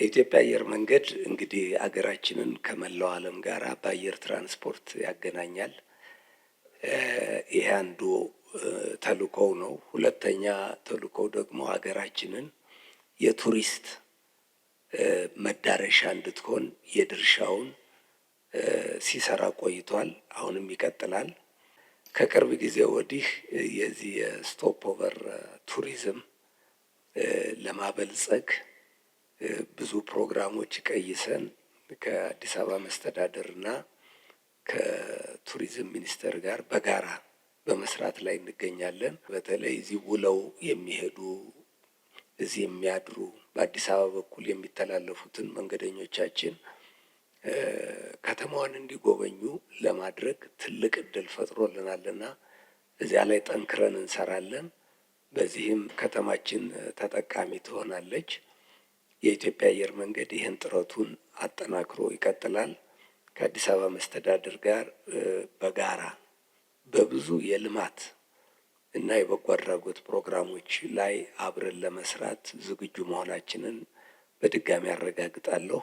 የኢትዮጵያ አየር መንገድ እንግዲህ አገራችንን ከመላው ዓለም ጋር በአየር ትራንስፖርት ያገናኛል። ይሄ አንዱ ተልእኮው ነው። ሁለተኛ ተልእኮው ደግሞ ሀገራችንን የቱሪስት መዳረሻ እንድትሆን የድርሻውን ሲሰራ ቆይቷል። አሁንም ይቀጥላል። ከቅርብ ጊዜ ወዲህ የዚህ የስቶፕ ኦቨር ቱሪዝም ለማበልጸግ ብዙ ፕሮግራሞች ቀይሰን ከአዲስ አበባ መስተዳደርና ከቱሪዝም ሚኒስቴር ጋር በጋራ በመስራት ላይ እንገኛለን። በተለይ እዚህ ውለው የሚሄዱ እዚህ የሚያድሩ በአዲስ አበባ በኩል የሚተላለፉትን መንገደኞቻችን ከተማዋን እንዲጎበኙ ለማድረግ ትልቅ እድል ፈጥሮልናልና እዚያ ላይ ጠንክረን እንሰራለን። በዚህም ከተማችን ተጠቃሚ ትሆናለች። የኢትዮጵያ አየር መንገድ ይህን ጥረቱን አጠናክሮ ይቀጥላል። ከአዲስ አበባ መስተዳድር ጋር በጋራ በብዙ የልማት እና የበጎ አድራጎት ፕሮግራሞች ላይ አብረን ለመስራት ዝግጁ መሆናችንን በድጋሚ አረጋግጣለሁ።